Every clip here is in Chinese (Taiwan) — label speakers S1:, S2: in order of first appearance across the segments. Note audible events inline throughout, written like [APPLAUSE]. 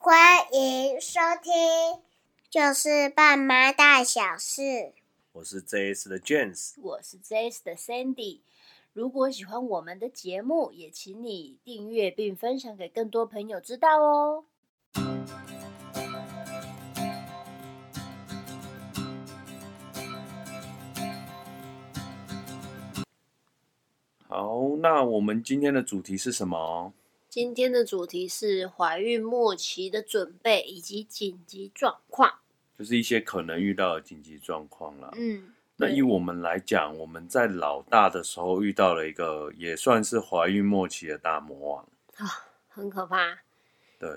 S1: 歡迎收聽，就是爸媽大小事。
S2: 我是 Js 的 James，
S1: 我是 Js 的 Sandy。如果喜歡我們的節目，也請你訂閱並分享給更多朋友知道哦。
S2: 好，那我們今天的主題是什麼？
S1: 今天的主題是懷孕末期的準備以及緊急狀況，
S2: 就是一些可能遇到的緊急狀況了。嗯，那以我們來講，嗯、我們在老大的時候遇到了一個也算是懷孕末期的大魔王啊，
S1: 很可怕。
S2: 對，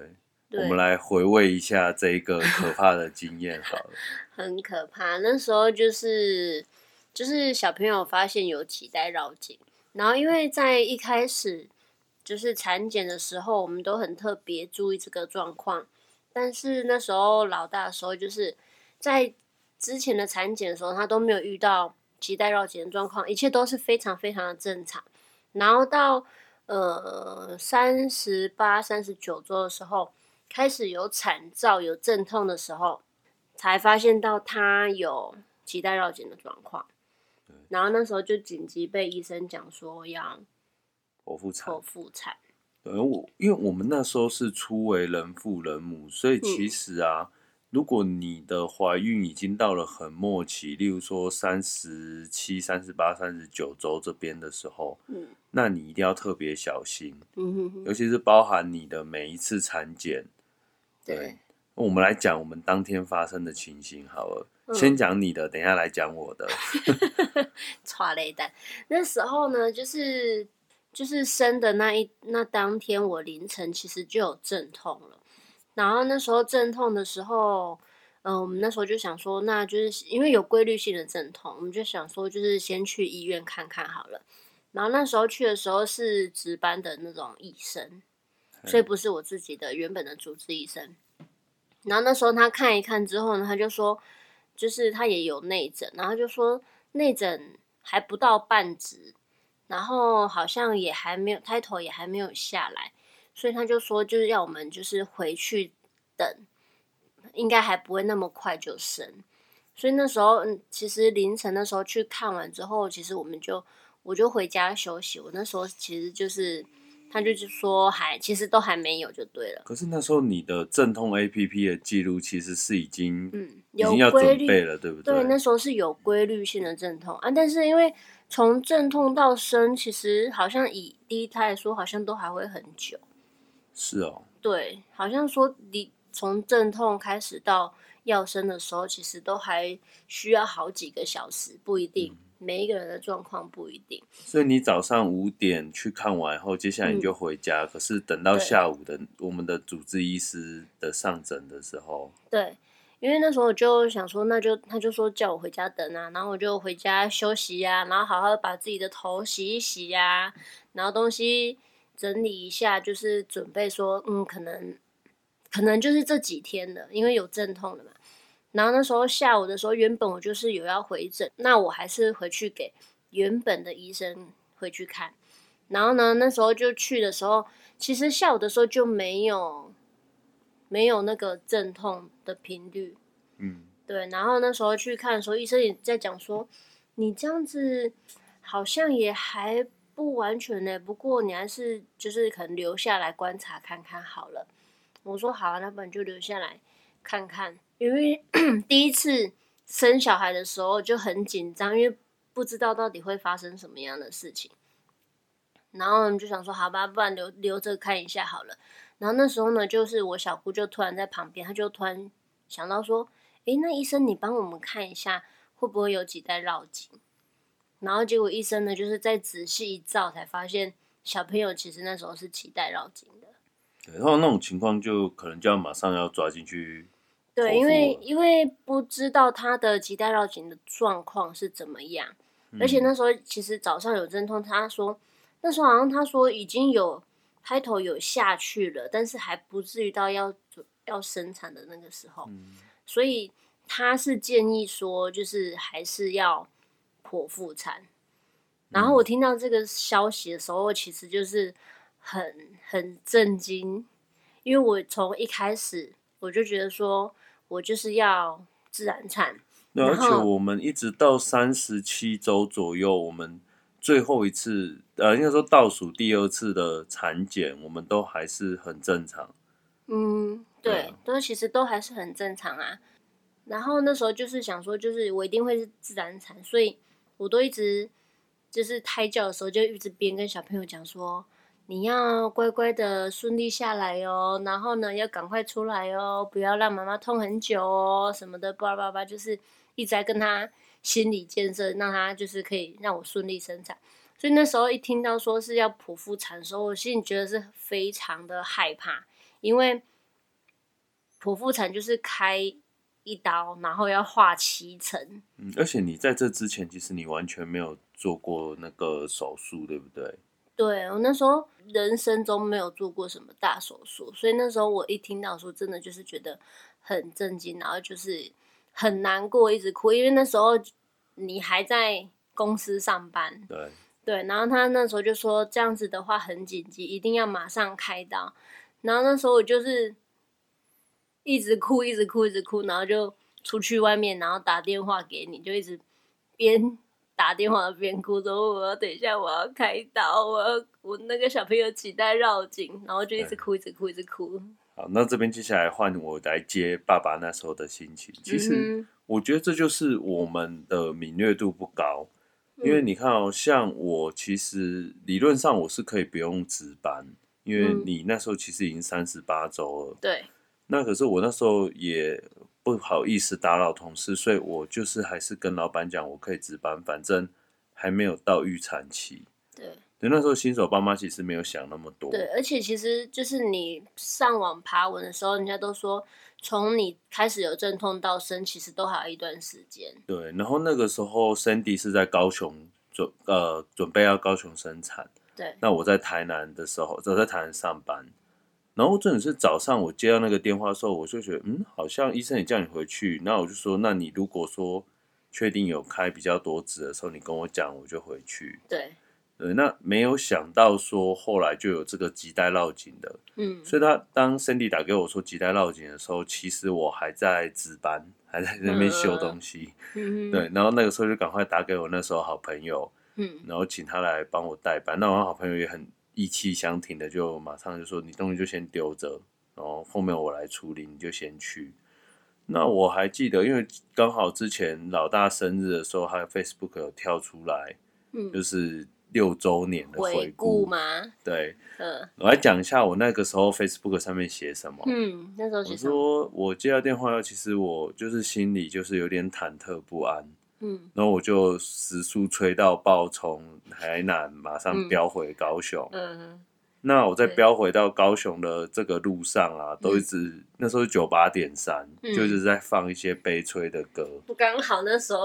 S2: 對我們來回味一下這一個可怕的經驗好了。
S1: [LAUGHS] 很可怕，那時候就是就是小朋友發現有臍帶繞頸，然後因為在一開始。就是產檢的時候，我們都很特別注意這個狀況。但是那時候老大的時候，就是在之前的產檢的時候，他都沒有遇到臍帶繞頸的狀況，一切都是非常非常的正常。然後到呃三十八、三十九周的時候，開始有產兆、有陣痛的時候，才發現到他有臍帶繞頸的狀況。然後那時候就緊急被醫生講說要。剖腹產，
S2: 對，我因為我們那時候是初為人父人母，所以其實啊，嗯、如果你的懷孕已經到了很末期，例如說三十七、三十八、三十九周這邊的時候，
S3: 嗯、
S2: 那你一定要特別小心，嗯、
S3: 哼哼，尤
S2: 其是包含你的每一次產檢，對，對我們來講，我們當天發生的情形好了，嗯、先講你的，等一下來講我的，
S1: 剉 [LAUGHS] [LAUGHS] 雷蛋那時候呢就是。就是生的那一那當天，我凌晨其實就有陣痛了，然後那時候陣痛的時候，嗯，我們那時候就想說，那就是因為有規律性的陣痛，我們就想說就是先去醫院看看好了。然後那時候去的時候是值班的那種醫生，所以不是我自己的原本的主治醫生。然後那時候他看一看之後呢，他就說，就是他也有內診，然後就說內診還不到半指。然後好像也還沒有，胎頭也還沒有下來，所以他就說就是要我們就是回去等，應該還不會那麼快就生。所以那時候，嗯，其實凌晨那時候去看完之後，其實我們就我就回家休息。我那時候其實就是，他就是說還其實都還沒有就對了。
S2: 可是那時候你的陣痛 A P P 的記錄其實是已經嗯，有已經要規律了，對不對？
S1: 對，那時候是有規律性的陣痛啊，但是因為。從陣痛到生，其實好像以第一胎來說，好像都還會很久。
S3: 是哦、喔。
S1: 對，好像說你從陣痛開始到要生的時候，其實都還需要好幾個小時，不一定，嗯、每一個人的狀況不一定。
S2: 所以你早上五點去看完後，接下來你就回家。嗯、可是等到下午的對我們的主治醫師的上診的時候，
S1: 對。因為那時候我就想說，那就他就說叫我回家等啊，然後我就回家休息呀，然後好好把自己的頭洗一洗呀，然後東西整理一下，就是準備說，嗯，可能，可能就是這幾天的，因為有陣痛了嘛。然後那時候下午的時候，原本我就是有要回診，那我還是回去給原本的醫生回去看。然後呢，那時候就去的時候，其實下午的時候就沒有。沒有那個陣痛的頻率，嗯，對。然後那時候去看的時候，醫生也在講說，你這樣子好像也還不完全呢。不過你還是就是可能留下來觀察看看好了。我說好啊，那不然就留下來看看。因為 [COUGHS] 第一次生小孩的時候就很緊張，因為不知道到底會發生什麼樣的事情。然後我們就想說，好吧，不然留留着看一下好了。然後那時候呢，就是我小姑就突然在旁邊，她就突然想到說：“哎，那醫生你幫我們看一下，會不會有臍帶繞頸？”然後結果醫生呢，就是再仔細一照，才發現小朋友其實那時候是臍帶繞頸的。
S2: 對，然後那種情況就可能就要馬上要抓進去。
S1: 對，因為因為不知道他的臍帶繞頸的狀況是怎麼樣，嗯、而且那時候其實早上有陣痛，他說那時候好像他說已經有。胎頭有下去了，但是還不至於到要要生產的那個時候，嗯、所以他是建議說，就是還是要剖腹產。嗯、然後我聽到這個消息的時候，我其實就是很很震驚，因為我從一開始我就覺得說我就是要自然產，而且我
S2: 們一直到三十七周左右，我們。最後一次，呃，應該說倒數第二次的產檢，我們都還是很正常。
S3: 嗯，對，
S1: 嗯、都其實都還是很正常啊。然後那時候就是想說，就是我一定會是自然產，所以我都一直就是胎教的時候就一直邊跟小朋友講說，你要乖乖的順利下來哦，然後呢要趕快出來哦，不要讓媽媽痛很久哦，什麼的叭叭叭，就是一直在跟他。心理建設，讓他就是可以讓我順利生產。所以那時候一聽到說是要剖腹產的時候，我心裡覺得是非常的害怕，因為剖腹產就是開一刀，然後要劃七層。嗯，
S2: 而且你在這之前，其實你完全沒有做過那個手術，對不對？
S1: 對，我那時候人生中沒有做過什麼大手術，所以那時候我一聽到說，真的就是覺得很震驚，然後就是。很難過，一直哭，因為那時候你還在公司上班。對對，然後他那時候就說這樣子的話很緊急，一定要馬上開刀。然後那時候我就是一直哭，一直哭，一直哭，然後就出去外面，然後打電話給你，就一直邊打電話邊哭，說：“我要等一下我要開刀，我要我那個小朋友臍帶繞頸。”然後就一直哭，對一直哭，一直哭，一直哭。
S2: 好，那這邊接下來換我來接爸爸那時候的心情。其實我覺得這就是我們的敏銳度不高，因為你看哦，像我其實理論上我是可以不用值班，因為你那時候其實已經三十八周了，嗯。對。那可是我那時候也不好意思打擾同事，所以，我就是還是跟老闆講我可以值班，反正還沒有到預產期。所以那時候新手爸媽其實沒有想那麼多。對，
S1: 而且其實就是你上網爬文的時候，人家都說，從你開始有陣痛到生，其實都還有一段時
S3: 間。
S2: 對，然後那個時候 Sandy 是在高雄準呃準備要高雄生產，
S3: 對，那我
S2: 在台南的時候，我在台南上班，然後真的是早上我接到那個電話的時候，我就覺得嗯，好像醫生也叫你回去，那我就說，那你如果說確定有開比較多指的時候，你跟我講，我就回去。對。對、嗯、那沒有想到說後來就有這個臍帶繞頸的，嗯，所以他當 Cindy 打給我說臍帶繞頸的時候，其實我還在值班，還在那邊修東西，嗯、
S3: [LAUGHS] 對，
S2: 然後那個時候就趕快打給我那時候好朋友，嗯、然後請他來幫我代班。嗯、那我好朋友也很意氣相挺的，就馬上就說你東西就先丟着，然後後面我來處理，你就先去。那我還記得，因為剛好之前老大生日的時候，他 Facebook 有跳出來，嗯、就是。六週年的回顧嗎？對，嗯、我來講一下我那個時候 Facebook 上面寫什麼。嗯，
S3: 那時候我說
S2: 我接到電話，其實我就是心裡就是有點忐忑不安。嗯，然後我就時速催到爆，從台南馬上飆回高雄。嗯，
S3: 嗯
S2: 嗯，那我在飆回到高雄的這個路上啊，對都一直、嗯、那時候九八點三，就是在放一些悲催的歌。
S3: 我剛、
S1: 嗯嗯、好那時候。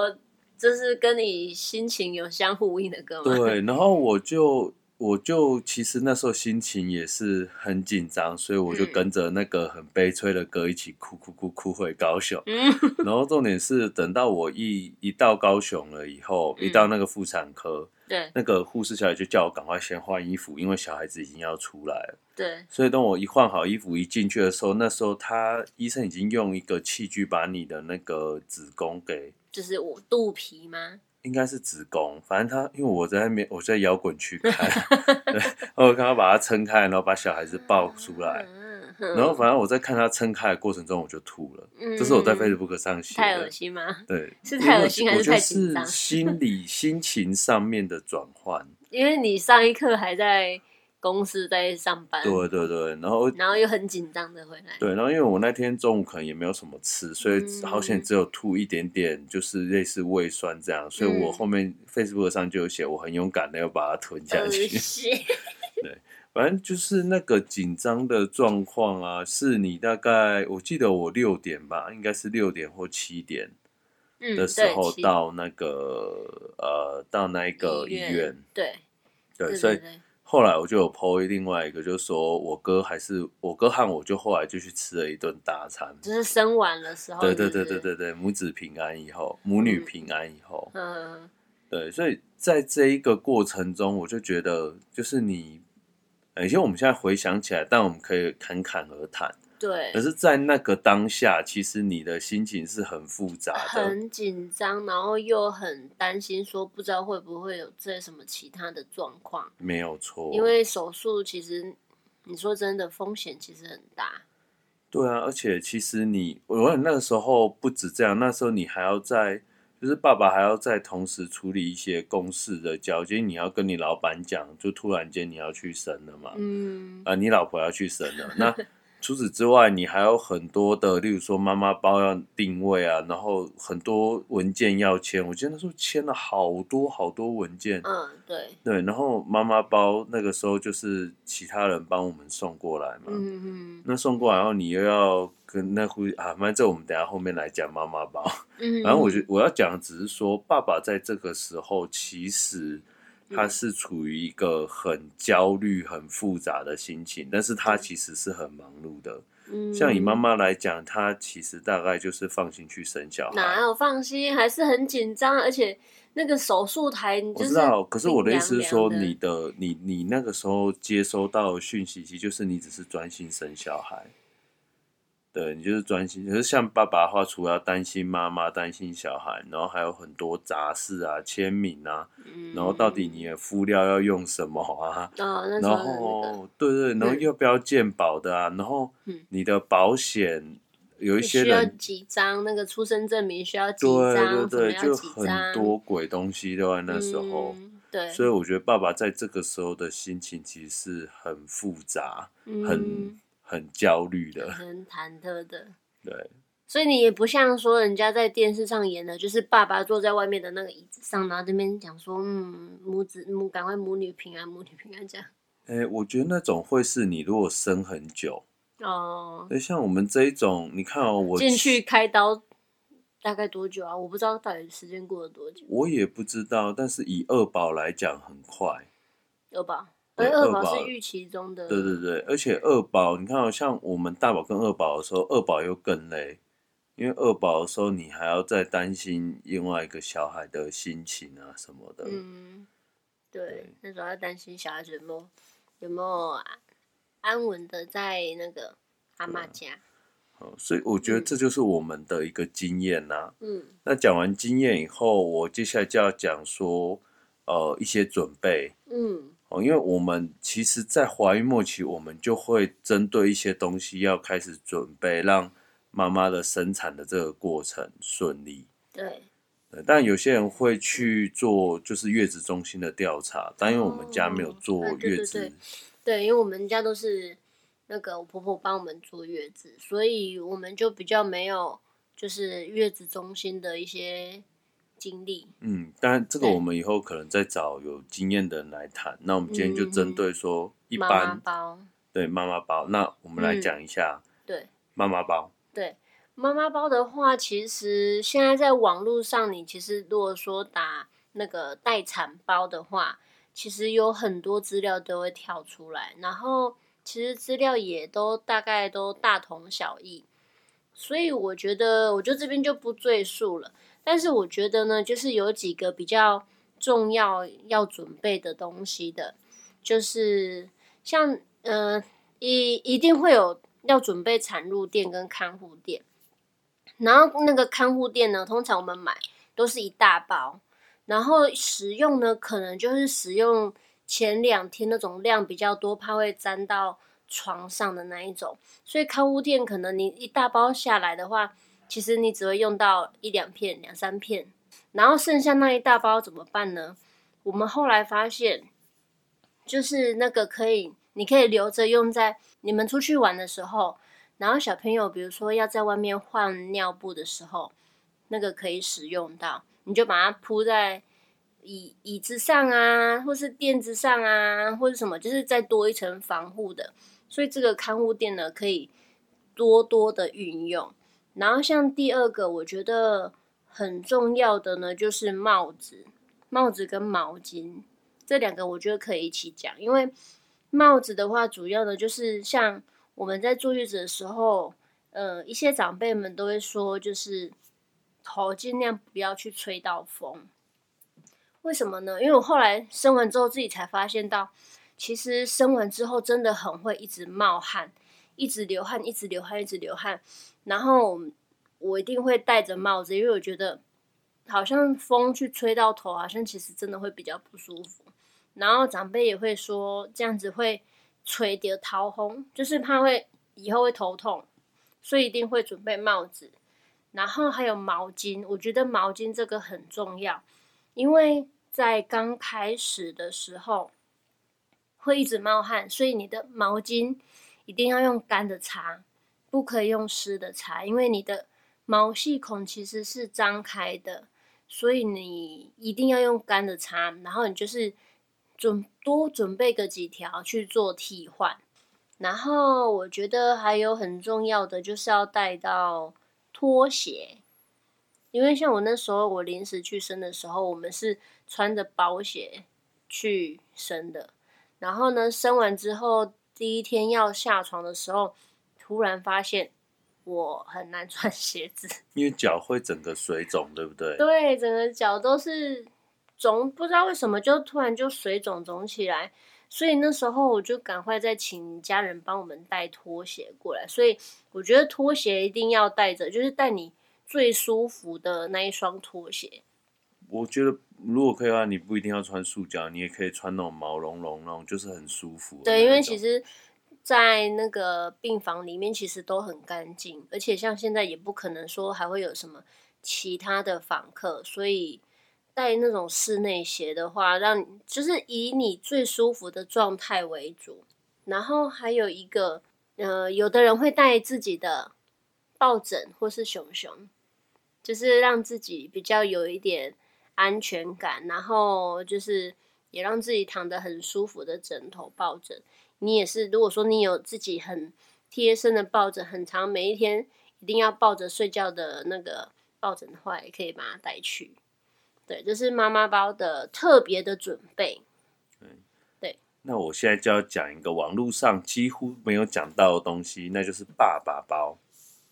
S1: 這是跟你心情有相呼應的歌嗎？
S2: 對，然後我就我就其實那時候心情也是很緊張，所以我就跟着那個很悲催的歌一起哭哭哭哭，哭回高雄。嗯、然後重點是，等到我一一到高雄了以後，一到那個婦產科，嗯、對，那個護士小姐就叫我趕快先換衣服，因為小孩子已經要出來了。對，所以當我一換好衣服一進去的時候，那時候他醫生已經用一個器具把你的那個子宮給。
S1: 就是我肚
S2: 皮嗎？應該是子宮，反正他，因為我在那邊，我在搖滾區看， [LAUGHS] 對我看剛把它撐開，然後把小孩子抱出來， [LAUGHS] 然後反正我在看他撐開的過程中，我就吐了。嗯，這是我在 Facebook 上
S1: 寫
S2: 的。太噁心嗎？對，是太噁心還是太緊張？我就是心理心情上面的轉換，
S1: [LAUGHS] 因為你上一刻還在。公司在上班，對對對，
S2: 然後然後又很緊張
S1: 的回
S2: 來，對，然後因為我那天中午可能也沒有什麼吃，嗯、所以好險只有吐一點點，就是類似胃酸這樣，嗯、所以我後面 Facebook 上就有寫，我很勇敢的要把它吞下去。呃、里對， [LAUGHS] 反正就是那個緊張的狀況啊，是你大概我記得我六點吧，應該是六點或七點的時候到那個、嗯、呃到那個醫院，醫院
S1: 對，對，
S2: 對對，所以。後來我就有 po 一另外一個，就說我哥還是我哥和我就後來就去吃了一頓大餐，就
S1: 是生完的時候，對對對
S2: 對對對，母子平安以後，母女平安以後，
S3: 嗯，
S2: 對，所以在這一個過程中，我就覺得就是你，而且我們現在回想起來，但我們可以侃侃而談。
S1: 對，可是，
S2: 在那個當下，其實你的心情是很複雜的，很
S1: 緊張，然後又很擔心，說不知道會不會有這什麼其他的狀況。
S2: 沒有錯，因為
S1: 手術其實，你說真的，風險其實很大。
S2: 對啊，而且其實你，我那個時候不止這樣，嗯、那時候你還要在，就是爸爸還要在同時處理一些公事的交接，你要跟你老闆講，就突然間你要去生了嘛。嗯啊、呃，你老婆要去生了， [LAUGHS] 那。除此之外，你還有很多的，例如說媽媽包要定位啊，然後很多文件要簽。我記得，那時候簽了好多好多文件。嗯、對，對然後媽媽包那個時候就是其他人幫我們送過來嘛。
S3: 嗯、哼
S2: 那送過來然後，你又要跟那戶啊，反正我們等下後面來講媽媽包。
S3: 然後、嗯、哼我就
S2: 我要講的只是說，爸爸在這個時候其實。他是處於一個很焦慮、很複雜的心情，但是他其實是很忙碌的。嗯，像你媽媽來講，她其實大概就是放心去生小孩，
S1: 哪有放心，還是很緊張，而且那個手術台，你知道。可是我的意思是說，你
S2: 的你你那個時候接收到訊息，其實就是你只是專心生小孩。對，你就是專心，可是像爸爸的話，除了擔心媽媽、擔心小孩，然後還有很多雜事啊，簽名啊，嗯、然後到底你的敷料要用什麼啊？哦那
S3: 個、然後對，
S2: 對對，嗯、然後要不要健保的啊？然後你的保險有一些人需要
S1: 幾張那個出生證明需要幾張？對對
S2: 對，就很多鬼東西都在那時候。嗯、
S3: 對，所以
S2: 我覺得爸爸在這個時候的心情其實是很複雜，很。嗯很焦慮的，
S1: 很忐忑的，對，所以你也不像說人家在電視上演的，就是爸爸坐在外面的那個椅子上，然後這邊講說，嗯，母子母趕快母女平安，母女平安這樣。
S2: 哎、欸，我覺得那種會是你如果生很久哦，哎、欸，像我們這一種，你看哦，我進去
S1: 開刀大概多久啊？我不知道到底時間過了多久，
S2: 我也不知道，但是以二寶來講很快，
S1: 二寶對，二寶是預期中的。對
S2: 對對，而且二寶，你看，像我們大寶跟二寶的時候，二寶又更累，因為二寶的時候，你還要再擔心另外一個小孩的心情啊什麼的。嗯，對，對
S1: 那主要擔心小孩子有沒有，有沒有安穩的在那個阿媽
S3: 家、
S2: 啊。所以我覺得這就是我們的一個經驗吶、啊。嗯。那講完經驗以後，我接下來就要講說，呃，一些準備。嗯。哦，因為我們其實，在懷孕末期，我們就會針對一些東西要開始準備，讓媽媽的生產的這個過程順利。對。但有些人會去做，就是月子中心的調查。但因為我們家沒有做月子，哦嗯、
S1: 對，對，對，對，因為我們家都是那個我婆婆幫我們坐月子，所以我們就比較沒有，就是月子中心的一些。經
S2: 歷，嗯，但這個我們以後可能再找有經驗的人來談。對那我們今天就針對說一般、嗯、媽媽包，對媽媽包，那我們來講一下，嗯、
S1: 對媽媽包，對媽媽包的話，其實現在在網絡上，你其實如果說打那個待產包的話，其實有很多資料都會跳出來，然後其實資料也都大概都大同小異。所以我覺得，我就這邊就不贅述了。但是我覺得呢，就是有幾個比較重要要準備的東西的，就是像呃，一一定會有要準備產褥墊跟看護墊，然後那個看護墊呢，通常我們買都是一大包，然後使用呢，可能就是使用前兩天那種量比較多，怕會沾到床上的那一種，所以看護墊可能你一大包下來的話，其實你只會用到一兩片、兩三片，然後剩下那一大包怎麼辦呢？我們後來發現，就是那個可以，你可以留着用在你們出去玩的時候，然後小朋友比如說要在外面換尿布的時候，那個可以使用到，你就把它鋪在椅椅子上啊，或是墊子上啊，或者什麼，就是再多一層防護的。所以這個看護墊呢，可以多多的運用。然後像第二個，我覺得很重要的呢，就是帽子、帽子跟毛巾這兩個，我覺得可以一起講。因為帽子的話，主要呢就是像我們在坐月子的時候，呃，一些長輩們都會說，就是頭盡量不要去吹到風。為什麼呢？因為我後來生完之後，自己才發現到。其實生完之後真的很會一直冒汗，一直流汗，一直流汗，一直流汗，一直流汗。然後我一定會戴着帽子，因為我覺得好像風去吹到頭，好像其實真的會比較不舒服。然後長輩也會說這樣子會吹得頭紅，就是怕會以後會頭痛，所以一定會準備帽子。然後還有毛巾，我覺得毛巾這個很重要，因為在剛開始的時候，會一直冒汗，所以你的毛巾一定要用乾的擦，不可以用濕的擦，因為你的毛細孔其實是張開的，所以你一定要用乾的擦。然後你就是準多準備個幾條去做替換。然後我覺得還有很重要的就是要帶到拖鞋，因為像我那時候我臨時去生的時候，我們是穿着包鞋去生的。然後呢，生完之後第一天要下床的時候，突然發現我很難穿鞋子，
S2: 因為腳會整個水腫，對不對？
S1: 對，整個腳都是腫，不知道為什麼就突然就水腫腫起來，所以那時候我就趕快再請家人幫我們帶拖鞋過來。所以我覺得拖鞋一定要帶着，就是帶你最舒服的那一雙拖
S2: 鞋。我覺得如果可以的話，你不一定要穿塑膠，你也可以穿那種毛茸茸那種，就是很舒服。對，因為其實，
S1: 在那個病房裡面其實都很乾淨，而且像現在也不可能說還會有什麼其他的訪客，所以帶那種室內鞋的話，讓就是以你最舒服的狀態為主。然後還有一個，呃，有的人會帶自己的抱枕或是熊熊，就是讓自己比較有一點。安全感，然後就是也讓自己躺得很舒服的枕頭抱枕。你也是，如果說你有自己很貼身的抱枕，很常每一天一定要抱着睡覺的那個抱枕的話，也可以把它帶去。對，這、就是媽媽包的特別的準備。對，對。
S2: 那我現在就要講一個網絡上幾乎沒有講到的東西，那就是爸爸包。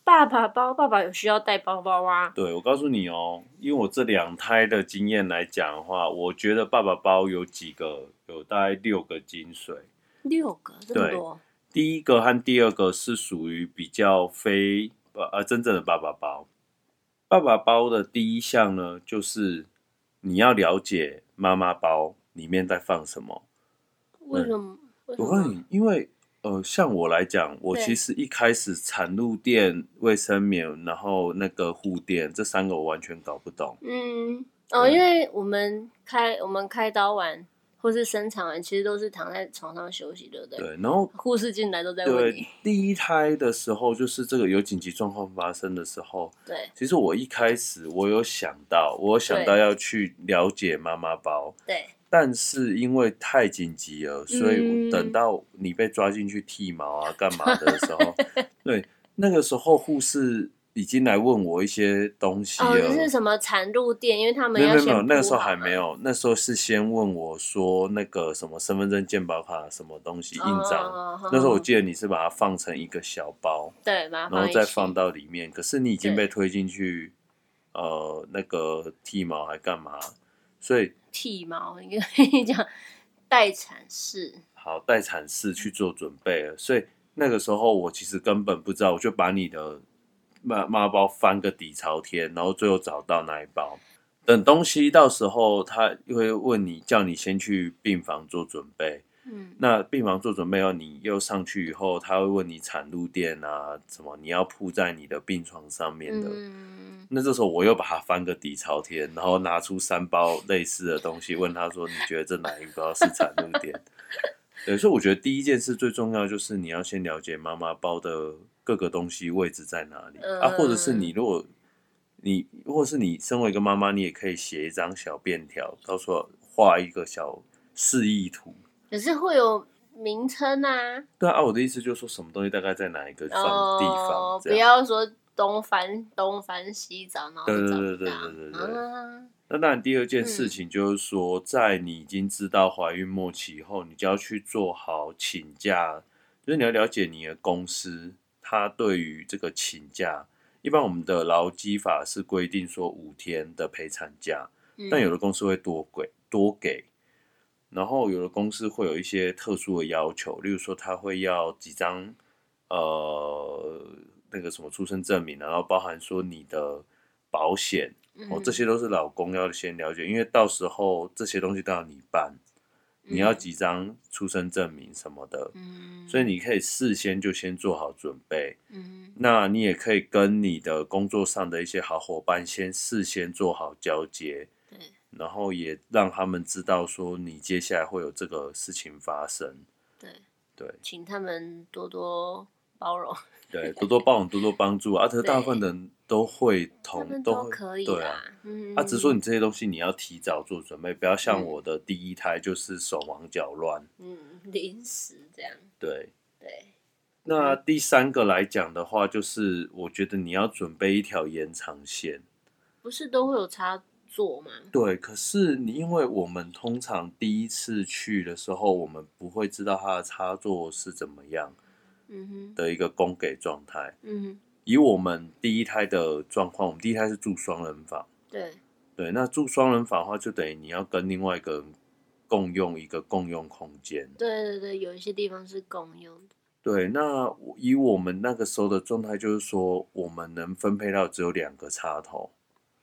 S1: 爸爸包，爸爸有需要帶包包
S2: 啊？對，我告訴你哦，因為我這兩胎的經驗來講的話，我覺得爸爸包有幾個，有大概六個精髓。六個這麼多？對。第一個和第二個是屬於比較非呃真正的爸爸包。爸爸包的第一項呢，就是你要了解媽媽包裡面在放什麼。
S3: 為什麼？我告訴你，為
S2: 因為。呃，像我來講，我其實一開始產褥墊、衛對生棉，然後那個護墊，這三個我完全搞不懂。
S1: 嗯，哦，對因為我們開我們開刀完，或是生產完，其實都是躺在床上休息，對不對？對，然後護士進來都在問你。
S2: 對，第一胎的時候，就是這個有緊急狀況發生的時候，對。其實我一開始我有想到，我有想到要去了解媽媽包，對。對。但是因為太緊急了，所以我等到你被抓進去剃毛啊、幹嘛的時候，嗯、對， [LAUGHS] 那個時候護士已經來問我一些東西了，哦、就是
S1: 什麼產褥墊，因為他們沒有，沒有沒有，那
S2: 個時候還沒有，那時候是先問我說那個什麼身份證、健保卡，什麼東西，哦、印章，哦哦、那時候我記得你是把它放成一個小包，
S3: 對，然後再放
S2: 到裡面。可是你已經被推進去，對呃，那個剃毛還幹嘛？所以。
S1: 剃毛，你跟你講待產
S2: 室，好，待產室去做準備了。所以那個時候我其實根本不知道，我就把你的媽媽包翻個底朝天，然後最後找到那一包。等東西到時候，他就會問你，叫你先去病房做準備。嗯，那病房做準備哦，你又上去以後，他會問你產褥墊啊，什麼你要鋪在你的病床上面的。嗯，那這時候我又把它翻個底朝天，然後拿出三包類似的東西，問他說：“你覺得這哪一包是產褥墊？” [LAUGHS] 對，所以我覺得第一件事最重要就是你要先了解媽媽包的各個東西位置在哪裡、嗯、啊，或者是你如果，你或者是你身為一個媽媽，你也可以寫一張小便條，到時候畫一個小示意圖。
S1: 可是會有名稱
S2: 啊？對啊，我的意思就是說，什麼東西大概在哪一個地方？哦、
S1: 樣不要說東翻東翻西找，
S2: 對對對對對，對，對、啊、
S3: 那
S2: 當然，第二件事情就是說，嗯、在你已經知道懷孕末期以後，你就要去做好請假。就是你要了解你的公司，它對於這個請假，一般我們的勞基法是規定說五天的陪產假，嗯、但有的公司會多給多給。然後有的公司會有一些特殊的要求，例如說他會要幾張，呃，那個什麼出生證明，然後包含說你的保險，哦，這些都是老公要先了解，因為到時候這些東西都要你辦，
S3: 你要幾
S2: 張出生證明什麼的，所以你可以事先就先做好準備。那你也可以跟你的工作上的一些好夥伴先事先做好交接。然後也讓他們知道說你接下來會有這個事情發生，對對，請
S1: 他們多多包容，
S2: 對，多多包容，多多幫助。啊這大部分人都會同，都可以，對啊，只是說你這些東西你要提早做準備，不要像我的第一胎就是手忙腳亂，嗯，
S1: 臨時這樣，對對。
S2: 那第三個來講的話，就是我覺得你要準備一條延長線，
S1: 不是都會有差。
S3: 做
S2: 嘛？對，可是你因為我們通常第一次去的時候，我們不會知道它的插座是怎麼樣，
S3: 嗯哼的
S2: 一個供給狀態，嗯，嗯哼。以我們第一胎的狀況，我們第一胎是住雙人房，對對。那住雙人房的話，就等於你要跟另外一個人共用一個共用空間，
S1: 對對對，有一些地方是共用，
S2: 對。那以我們那個時候的狀態，就是說我們能分配到只有兩個插頭。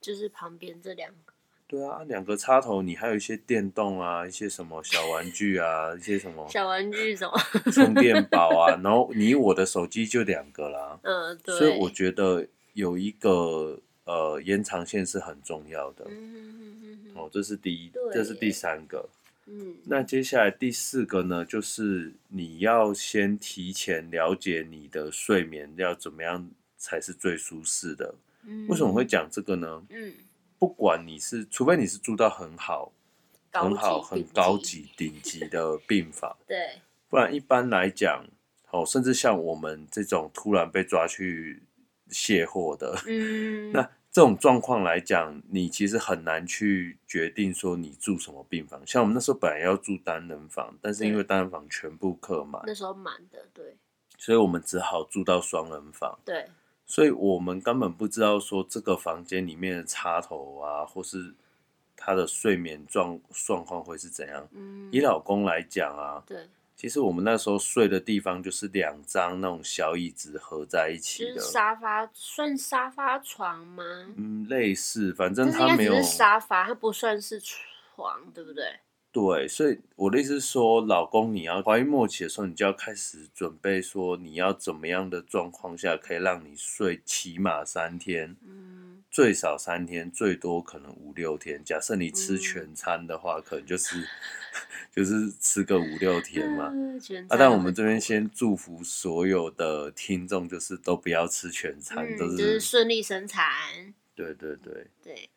S2: 就是旁邊這兩個，對啊，兩個插頭，你還有一些電動啊，一些什麼小玩具啊，一些什麼小
S1: 玩具什麼
S2: 充電寶啊，然後你我的手機就兩個啦。嗯，對。所以我覺得有一個呃延長線是很重要的。嗯嗯嗯嗯。嗯嗯嗯嗯哦，這是第一，耶這是第三個。嗯，那接下來第四個呢，就是你要先提前了解你的睡眠要怎麼樣才是最舒適的。為什麼會講這個呢？嗯，嗯，不管你是，除非你是住到很好、高
S3: 級頂級很好、很
S2: 高級、頂級的病房，對，不然一般來講，哦，甚至像我們這種突然被抓去卸貨的，
S3: 嗯、 [LAUGHS] 那
S2: 這種狀況來講，你其實很難去決定說你住什麼病房。像我們那時候本來要住單人房，但是因為單人房全部客滿，那時
S1: 候滿的，
S2: 對，所以我們只好住到雙人房，對。對所以我們根本不知道說這個房間裡面的插頭啊，或是他的睡眠狀狀況會是怎樣。嗯，以老公來講啊，對其實我們那時候睡的地方就是兩張那種小椅子合在一起的是沙
S1: 發，算沙發床嗎？
S2: 嗯，類似，反正它沒有沙
S1: 發，它不算是床，對不對？
S2: 對，所以我的意思是說，老公，你要懷孕末期的時候，你就要開始準備，說你要怎麼樣的狀況下可以讓你睡起碼三天，嗯、最少三天，最多可能五六天。假設你吃全餐的話，嗯、可能就是、嗯、 [LAUGHS] 就是吃個五六天嘛。嗯、啊，但我們這邊先祝福所有的聽眾，就是都不要吃全餐，嗯、都是就是
S1: 順利生產。
S2: 對對對
S1: 對，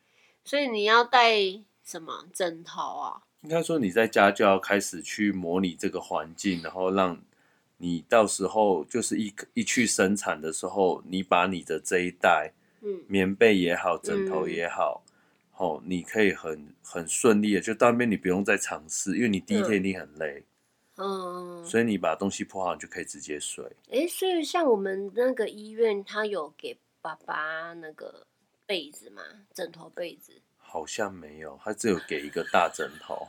S1: 所以你要帶什麼枕頭啊？
S2: 應該說，你在家就要開始去模擬這個環境，然後讓你到時候就是一一去生產的時候，你把你的這一袋，嗯、棉被也好，枕頭也好，嗯、哦，你可以很很順利的，就到那邊你不用再嘗試，因為你第一天你很累，嗯，
S1: 嗯所
S2: 以你把東西鋪好，你就可以直接睡。
S1: 誒、欸、所以像我們那個醫院，他有給爸爸那個被子嘛，枕頭被子。
S2: 好像沒有，他只有給一個大枕頭，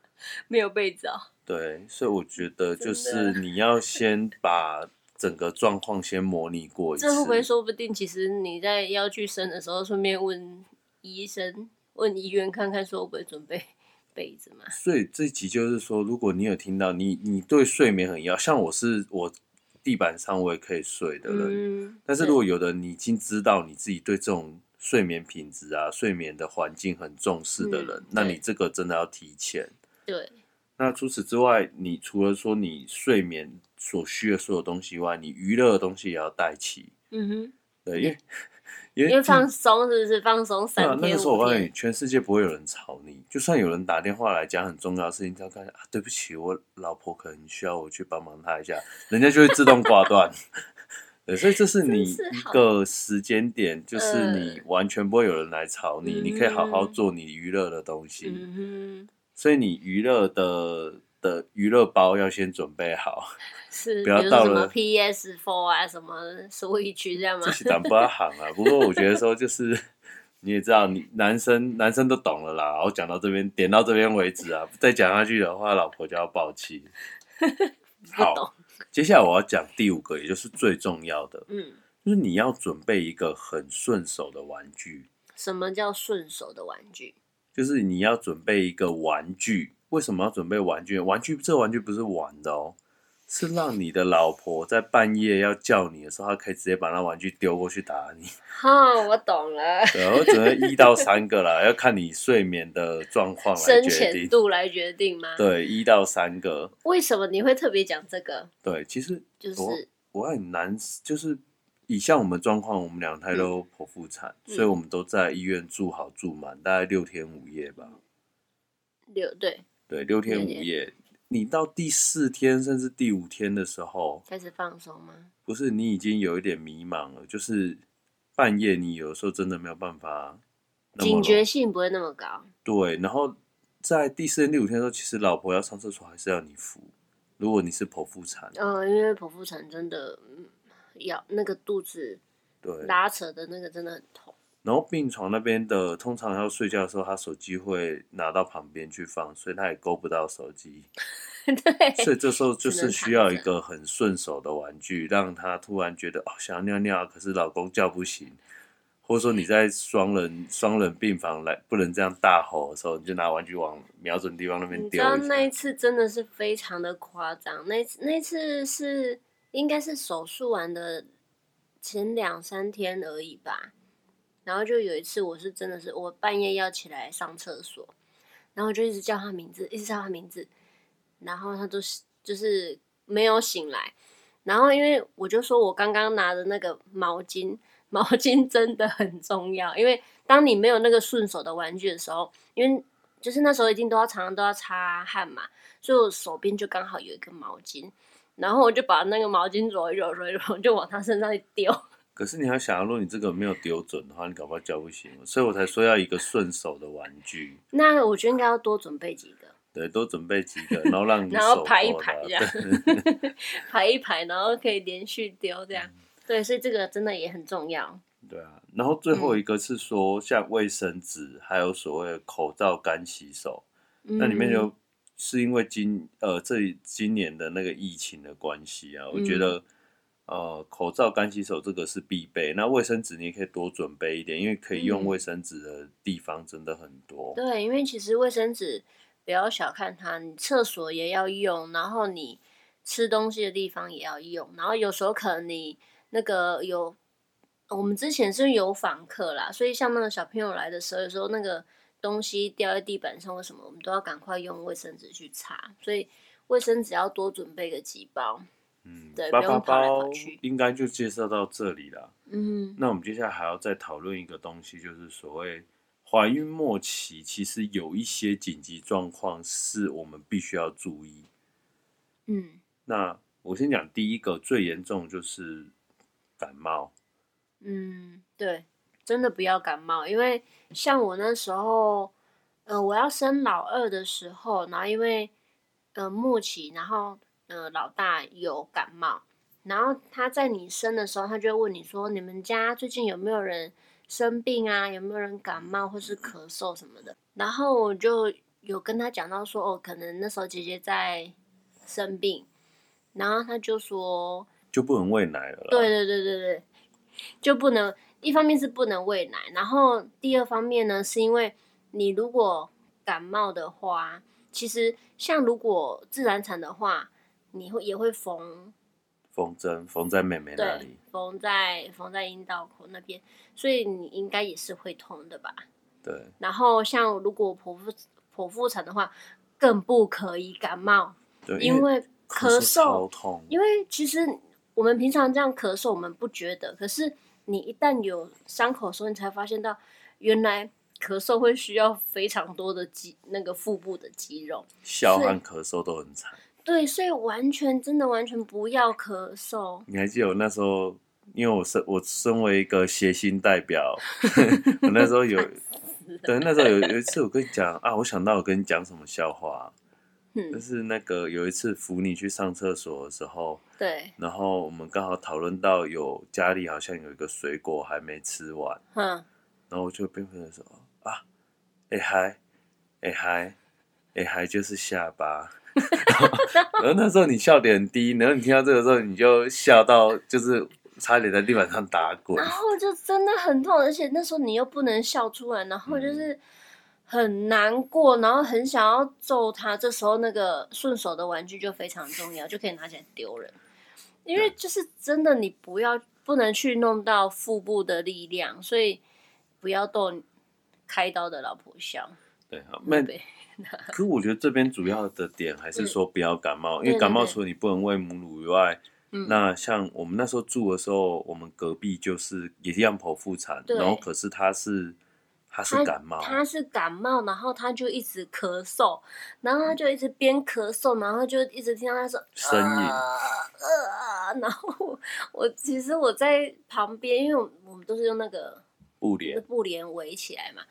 S1: [LAUGHS] 沒有被子哦。
S2: 對，所以我覺得就是你要先把整個狀況先模擬過一次。這會不會
S1: 說不定，其實你在要去生的時候，順便問醫生，問醫院看看，說會不會準備被子嘛。所以
S2: 這一集就是說，如果你有聽到，你你對睡眠很要，像我是我地板上我也可以睡的人，嗯，但是如果有的人已經知道你自己對這種。睡眠品質啊，睡眠的環境很重視的人，嗯、那你這個真的要提前。
S3: 對，
S2: 那除此之外，你除了說你睡眠所需的所有東西外，你娛樂的東西也要帶齊。嗯哼，
S1: 對，
S2: 因為因為，因
S1: 為放鬆是不是放鬆，那個時候我
S2: 告訴你，全世界不會有人吵你，就算有人打電話來講很重要的事情，他看一下，對不起，我老婆可能需要我去幫忙她一下， [LAUGHS] 人家就會自動掛斷。 [LAUGHS] 所以這是你一個時間點，是呃、就是你完全不會有人來吵你，嗯、哼你可以好好做你娛樂的東西。嗯、哼所以你娛樂的的娛樂包要先準備好，
S1: 是不要到了什麼 PS4 啊，什麼 Switch，嗯、這樣嗎？這是咱不要
S2: 喊啊，不過我覺得說，就是 [LAUGHS] 你也知道，你男生男生都懂了啦。我講到這邊，點到這邊為止啊，再講下去的話，老婆就要爆氣 [LAUGHS] 懂好。接下來我要講第五個，也就是最重要的，嗯，就是你要準備一個很順手的玩具。
S1: 什麼叫順手的玩具？
S2: 就是你要準備一個玩具。為什麼要準備玩具？玩具，這玩具不是玩的哦。是讓你的老婆在半夜要叫你的時候，她可以直接把那玩具丟過去打你。
S1: 哈、哦，我懂了。 [LAUGHS] 對，我
S2: 準備一到三個啦， [LAUGHS] 要看你睡眠的狀況來決定。深淺度
S1: 來決定嗎？對，
S2: 一到三個。
S1: 為什麼你會特別講這個？
S2: 對，其實就是我很難，就是以像我們狀況，我們兩胎都剖腹產，嗯、所以我們都在醫院住好住滿大概六天五夜吧。六，
S1: 對
S2: 對，六天五夜。你到第四天甚至第五天的時候，
S1: 開始放鬆嗎？
S2: 不是，你已經有一點迷茫了。就是半夜，你有時候真的沒有辦法，警覺
S1: 性不會那麼高。
S2: 對，然後在第四天、第五天的時候，其實老婆要上廁所還是要你扶。如果你是剖腹產，
S1: 嗯、呃，因為剖腹產真的要那個肚子對拉扯的那個真的很痛。
S2: 然後病床那邊的通常要睡覺的時候，他手機會拿到旁邊去放，所以他也勾不到手機。 [LAUGHS]
S3: 對，所以這時候就是
S2: 需要一個很順手的玩具，讓他突然覺得哦，想要尿尿，可是老公叫不醒。或者說你在雙人、嗯、雙人病房來不能這樣大吼的時候，你就拿玩具往瞄準地方那邊丟。你知道那
S1: 一次真的是非常的誇張，那那次是應該是手術完的前兩三天而已吧。然後就有一次，我是真的是我半夜要起來上廁所，然後就一直叫他名字，一直叫他名字，然後他都是就是沒有醒來。然後因為我就說我剛剛拿的那個毛巾，毛巾真的很重要，因為當你沒有那個順手的玩具的時候，因為就是那時候已經都要常常都要擦汗嘛，所以我手邊就剛好有一個毛巾，然後我就把那個毛巾揉一揉、揉一揉，就往他身上一丟。
S2: 可是你還想要，如果你這個沒有丟準的話，你搞不好教不行，所以我才說要一個順手的玩具。
S1: 那我覺得應該要多準備幾個。
S2: 對，多準備幾個，然後讓你 [LAUGHS] 然後排一排這樣，對
S1: [LAUGHS] [LAUGHS] 排一排，然後可以連續丟這樣。嗯、對，所以這個真的也很重要。
S2: 對啊，然後最後一個是說，像衛生紙，還有所謂的口罩、乾洗手，嗯、
S1: 那裡面就
S2: 是因為今呃這今年的那個疫情的關係啊，我覺得。嗯呃，口罩、乾洗手這個是必備。那衛生紙你也可以多準備一點，因為可以用衛生紙的地方真的很
S3: 多。嗯，
S1: 對，因為其實衛生紙不要小看它，你廁所也要用，然後你吃東西的地方也要用，然後有時候可能你那個有，我們之前是有訪客啦，所以像那個小朋友來的時候，有時候那個東西掉在地板上或什麼，我們都要趕快用衛生紙去擦，所以衛生紙要多準備個幾包。嗯，對，爸爸包
S2: 應該就介紹到這裡
S3: 了。
S2: 嗯，那我們接下來還要再討論一個東西，就是所謂懷孕末期，其實有一些緊急狀況是我們必須要注意。嗯，那我先講第一個最嚴重就是感冒。
S1: 嗯，對，真的不要感冒，因為像我那時候，呃，我要生老二的時候，然後因為呃末期，然後。呃，老大有感冒，然後他在你生的時候，他就會問你說：“你們家最近有沒有人生病啊？有沒有人感冒或是咳嗽什麼的？”然後我就有跟他講到說：“哦，可能那時候姐姐在生病。”然後他就說：“
S2: 就不能餵奶了。”
S1: 對對對對對，就不能。一方面是不能餵奶，然後第二方面呢，是因為你如果感冒的話，其實像如果自然產的話。你會也會縫，
S2: 縫針縫在妹妹那裡，
S1: 縫在縫在陰道口那邊，所以你應該也是會痛的吧？
S3: 對。
S1: 然後像如果剖腹剖腹產的話，更不可以感冒，對，因為因為
S3: 咳嗽痛。
S1: 因為其實我們平常這樣咳嗽，我們不覺得，可是你一旦有傷口的時候，你才發現到，原來咳嗽會需要非常多的肌，那個腹部的肌肉，笑和
S2: 咳嗽都很慘。
S1: 對，所以完全真的完全不要咳嗽。
S2: 你還記得，我那時候，因為我身我身為一個諧星代表， [LAUGHS] [LAUGHS] 我那時候有， [LAUGHS] 對，那時候有有一次我跟你講啊，我想到我跟你講什麼笑話，
S3: 就、嗯、
S2: 是那個有一次扶你去上廁所的時候，對，然後我們剛好討論到有家裡好像有一個水果還沒吃完，嗯，
S3: 然
S2: 後我就變變成什麼啊？哎、欸、嗨，哎、欸、嗨，哎、欸、嗨，就是下巴。
S3: [LAUGHS] 然
S2: 後那時候你笑點低，然後你聽到這個時候你就笑到就是差點在地板上打滾， [LAUGHS] 然
S1: 後就真的很痛，而且那時候你又不能笑出來，然後就是很難過，然後很想要揍他。這時候那個順手的玩具就非常重要，就可以拿起來丟人，因為就是真的你不要不能去弄到腹部的力量，所以不要逗開刀的老婆笑。
S2: 對，好，慢點。 [LAUGHS] 可是我覺得這邊主要的點還是說不要感冒，嗯、因為感冒除了你不能餵母乳以外，嗯、那像我們那時候住的時候，我們隔壁就是也是一樣剖腹產，對然後可是他是他是感冒他，
S1: 他是感冒，然後他就一直咳嗽，然後他就一直邊咳嗽，然後就一直聽到他說聲音，呃、啊啊，然後我，我其實我在旁邊，因為我們都是用那個。布簾圍起來嘛，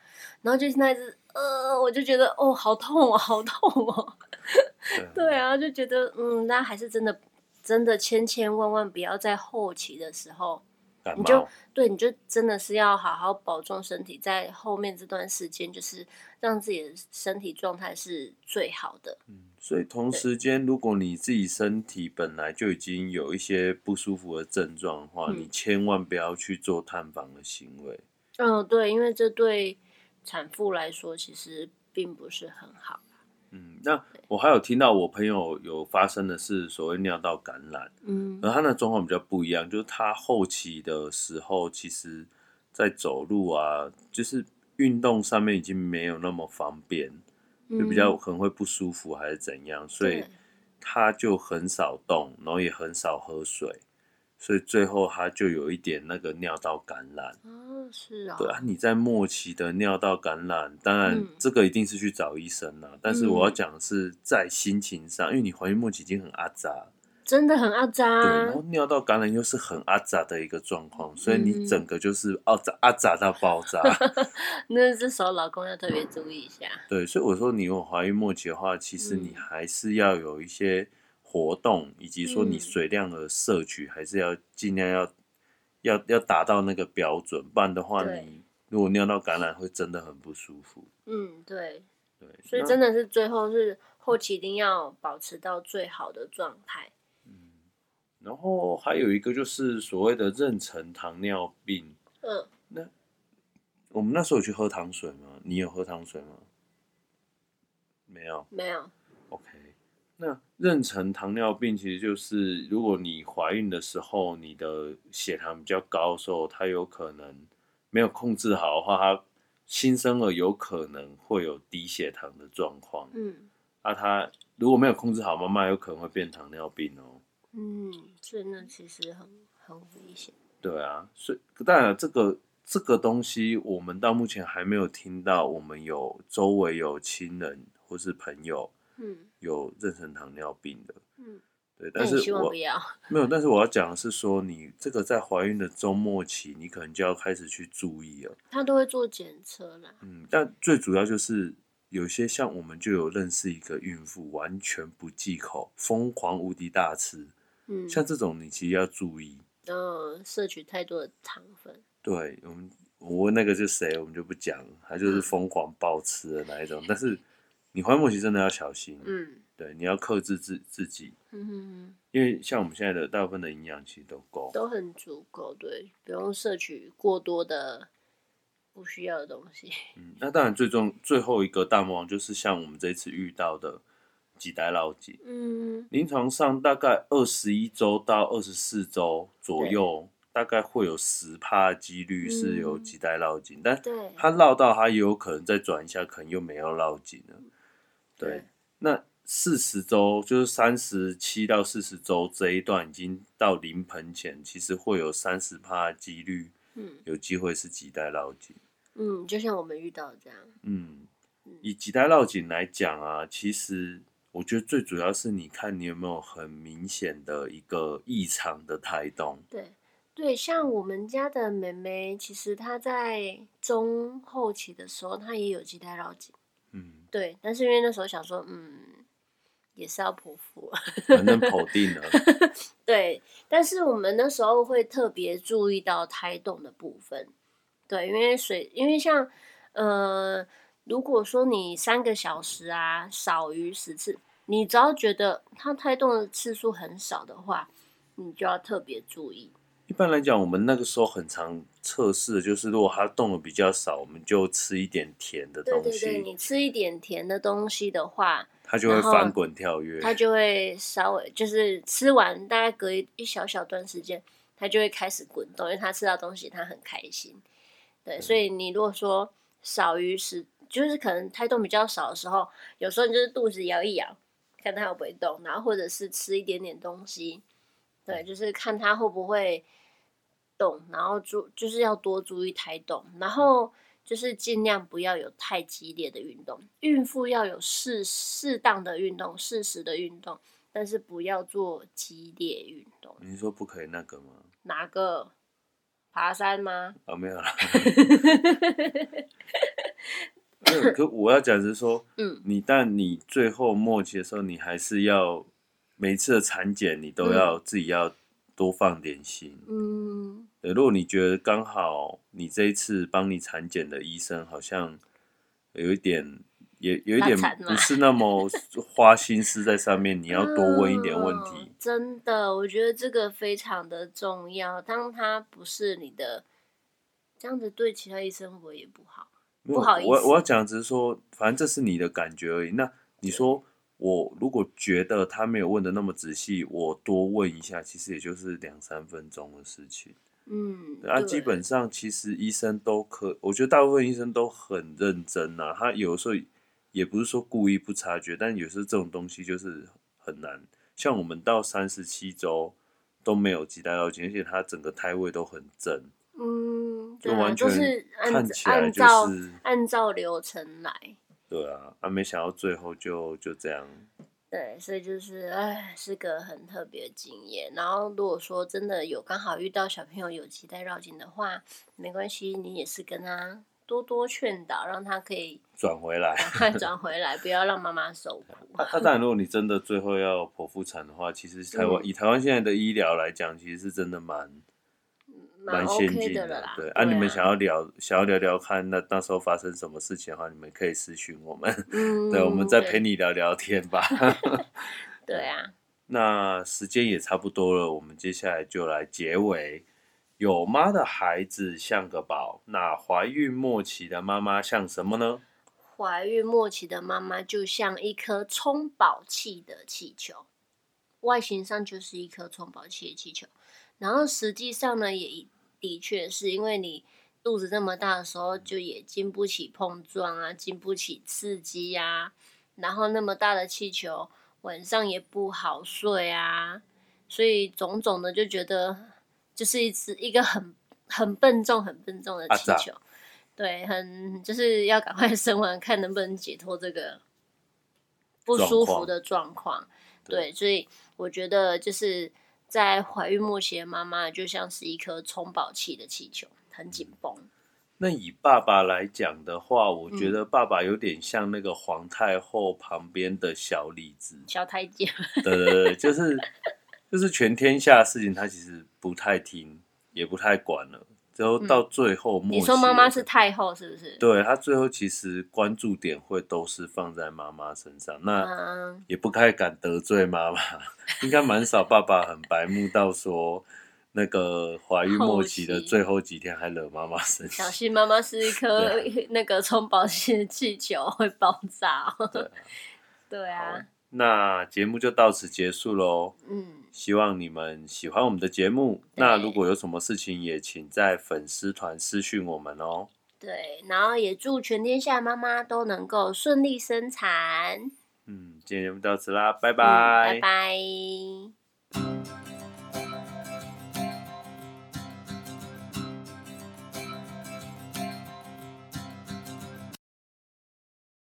S1: 然後就現在是，呃，我就覺得哦、喔，好痛哦、喔，好痛哦、喔，
S3: [LAUGHS]
S1: 對啊，然後就覺得嗯，那還是真的，真的千千萬萬不要在後期的時候，感冒你就對，你就真的是要好好保重身體，在後面這段時間，就是讓自己的身體狀態是最好的。嗯，
S2: 所以同時間，對如果你自己身體本來就已經有一些不舒服的症狀的話，嗯、你千萬不要去做探訪的行為。
S1: 嗯，對，因為這對產婦來說其實並不是很好。嗯，
S2: 那我還有聽到我朋友有發生的是所謂尿道感染，嗯，而他那狀況比較不一樣，就是他後期的時候，其實在走路啊，就是運動上面已經沒有那麼方便，
S3: 就比較可
S2: 能會不舒服還是怎樣，嗯，所以他就很少動，然後也很少喝水。所以最後他就有一點那個尿道感染，
S3: 是啊，對啊，你
S2: 在末期的尿道感染，當然這個一定是去找醫生了。但是我要講的是在心情上，因為你懷孕末期已經很阿扎，
S1: 真的很阿扎。對，然後
S2: 尿道感染又是很阿扎的一個狀況，所以你整個就是阿扎到爆炸。那
S1: 這時候老公要特別注意
S2: 一下。對，所以我說你有懷孕末期的話，其實你還是要有一些。活動以及說你水量的攝取，還是要盡量要、嗯、要要達到那個標準，不然的話，你如果尿道感染會真的很不舒服。嗯，
S3: 對。
S1: 對。所以真的是最後是後期一定要保持到最好的
S3: 狀態。
S2: 嗯。然後還有一個就是所謂的妊娠糖尿病。嗯。那我們那時候有去喝糖水嗎？你有喝糖水嗎？沒有。沒有。
S3: OK。那
S2: 妊娠糖尿病其實就是，如果你懷孕的時候，你的血糖比較高的時候，它有可能沒有控制好的話，它新生兒有可能會有低血糖的狀況。嗯，啊，它如果沒有控制好，媽媽有可能會變糖尿病哦。嗯，所以那
S1: 其實
S2: 很很危險。對啊，所以當然這個這個東西，我們到目前還沒有聽到，我們有周圍有親人或是朋友。嗯，有妊娠糖尿病的，嗯，對，但是我，你希望不要？沒有，但是我要講的是說，你這個在懷孕的周末期，你可能就要開始去注意了。
S1: 他都會做檢測啦。
S2: 嗯，但最主要就是有些像我們就有認識一個孕婦，完全不忌口，瘋狂無敵大吃，
S1: 嗯，像這種
S2: 你其實要注意，嗯、
S1: 哦，攝取太多的糖
S3: 分。
S2: 對，我們，我問那個是誰，我們就不講，他就是瘋狂暴吃的那一種，嗯、但是。你懷末期真的要小心，嗯，對，你要克制自己自己，嗯、哼哼因為像我們現在的大部分的營養其實都夠，都
S1: 很足夠，對，不用攝取過多的不需要的東西。嗯，
S2: 那當然最終，最重最後一個大魔王就是像我們這次遇到的臍帶繞頸，嗯，臨床上大概二十一周到二十四周左右，對大概會有十趴幾率是有臍帶繞頸，嗯、但它繞到它也有可能再轉一下，可能又沒有繞頸了。對，那四十周就是三十七到四十周這一段，已經到臨盆前，其實會有三十趴幾率，嗯，有機會是臍帶繞頸，
S1: 嗯，就像我們遇到這樣，
S2: 嗯，以臍帶繞頸來講啊，其實我覺得最主要是你看你有沒有很明顯的一個異常的胎動，
S1: 對，對，像我們家的妹妹，其實她在中後期的時候，她也有臍帶繞頸。對，但是因為那時候想說，嗯，也是要剖腹，反正
S3: 剖定的。
S1: [LAUGHS] 對，但是我們那時候會特別注意到胎動的部分，對，因為水，因為像，呃，如果說你三個小時啊少於十次，你只要覺得它胎動的次數很少的話，你就要特別注意。
S2: 一般來講，我們那個時候很常測試的就是，如果它動的比較少，我們就吃一點甜的
S1: 東西。對，對，對，你吃一點甜的東西的話，它就會翻
S2: 滾跳躍。它就
S1: 會稍微就是吃完，大概隔一小小段時間，它就會開始滾動，因為它吃到東西，它很開心。對，嗯，所以你如果說少於十，就是可能胎動比較少的時候，有時候你就是肚子搖一搖，看它會不會動，然後或者是吃一點點東西，對，就是看它會不會。動，然後注就是要多注意胎動，然後就是盡量不要有太激烈的運動。孕婦要有適適當的運動，適時的運動，但是不要做激烈運動。你
S2: 是說不可以那個嗎？
S1: 哪個爬山嗎？
S2: 啊，沒有了、 [LAUGHS] [LAUGHS] 欸。可我要講是說，嗯， [COUGHS] 你但你最後末期的時候，你還是要每次的產檢，你都要自己要。多放點心。嗯，如果你覺得剛好你這一次幫你產檢的醫生好像有一點也有一點不是那麼花心思在上面， [LAUGHS] 你要多問一點問題。
S1: 嗯。真的，我覺得這個非常的重要。當他不是你的，這樣子對其他醫生我也不好。
S2: 沒有，不好意思，我我要講只是說，反正這是你的感覺而已。那你說？我如果覺得他沒有問的那麼仔細，我多問一下，其實也就是兩三分鐘的事情。嗯，
S3: 那、啊、對基
S2: 本上其實醫生都可，我覺得大部分醫生都很認真吶、啊。他有時候也不是說故意不察覺，但有時候這種東西就是很難。像我們到三十七周都沒有臍帶繞頸，而且他整個胎位都很正，
S1: 嗯，就完全看起來、啊、就是。按照流程來。
S2: 對啊，啊，沒想到最後就就這樣。
S1: 對，所以就是哎，是個很特別的經驗。然後如果說真的有剛好遇到小朋友有臍帶繞頸的話，沒關係，你也是跟他多多勸導，讓他可以
S2: 轉回來，轉
S1: 回來， [LAUGHS] 不要讓媽媽受苦。啊、當然，
S2: 如果你真的最後要剖腹產的話，其實台灣、嗯、以台灣現在的醫療來講，其實是真的蠻。
S1: 蠻先進
S2: 的，OK，的啦。對。啊，對啊，你們想要聊，想要聊聊看那，那到時候發生什麼事情的話，你們可以私訊我們，嗯、 [LAUGHS] 對，我們再陪你聊聊天吧。對，
S3: [LAUGHS] 對
S2: 啊。那時間也差不多了，我們接下來就來結尾。有媽的孩子像個寶，那懷孕末期的媽媽像什麼呢？
S1: 懷孕末期的媽媽就像一顆充飽氣的氣球，外形上就是一顆充飽氣的氣球，然後實際上呢，也一。的確是因為你肚子這麼大的時候，就也經不起碰撞啊，經不起刺激呀，啊。然後那麼大的氣球，晚上也不好睡啊。所以種種的就覺得，就是一隻一個很很笨重，很笨重，很笨重的氣球。啊、對，很就是要趕快生完，看能不能解脫這個
S3: 不舒服的
S1: 狀況。對，對，所以我覺得就是。在懷孕末期的媽媽就像是一顆充飽氣的氣球，很緊繃。
S2: 那以爸爸來講的話，我覺得爸爸有點像那個皇太后旁邊的小李子，
S1: 小太監。對對對，就是
S2: 就是全天下的事情，他其實不太聽，也不太管了。然後到最後、嗯，你說媽媽
S1: 是太後是不是？
S2: 對，她最後其實關注點會都是放在媽媽身上，嗯、那也不太敢得罪媽媽，嗯、應該蠻少爸爸很白目到說，那個懷孕末期的最後幾天還惹媽媽生氣，小
S1: 心媽媽是一顆、 [LAUGHS] 啊、那個充飽氣的氣球會爆炸、喔。對啊。對啊對啊
S2: 那節目就到此結束咯。嗯，希望你們喜歡我們的節目。對，那如果有什麼事情，也請在粉絲團私訊我們哦。
S1: 對，然後也祝全天下媽媽都能夠順利生產。嗯，
S2: 今天節目到此啦，拜拜。嗯，
S1: 拜拜。